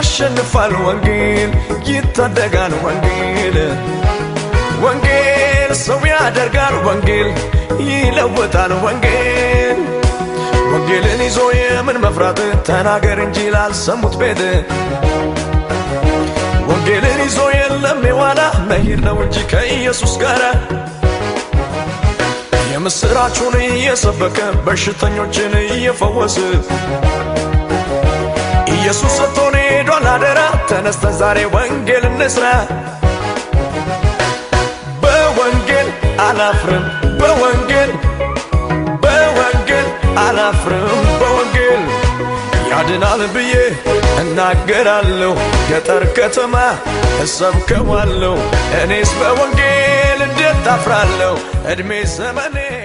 ያሸንፋል ወንጌል ይታደጋል ወንጌል ወንጌል ሰው ያደርጋል ወንጌል ይለወጣል ወንጌል ወንጌልን ይዞ የምን መፍራት ተናገር እንጂ ላልሰሙት ቤት ወንጌልን ይዞ የለም የዋላ መሄድ ነው እንጂ ከኢየሱስ ጋር የምሥራቹን እየሰበከ በሽተኞችን እየፈወስ ኢየሱስ ሰጥቶ ተነስተን ዛሬ ወንጌል እንስራ። በወንጌል አላፍርም፣ በወንጌል በወንጌል አላፍርም፣ በወንጌል ያድናል ብዬ እናገራለሁ። ገጠር ከተማ እሰብከዋለሁ። እኔስ በወንጌል እንዴት ታፍራለሁ? ዕድሜ ዘመኔ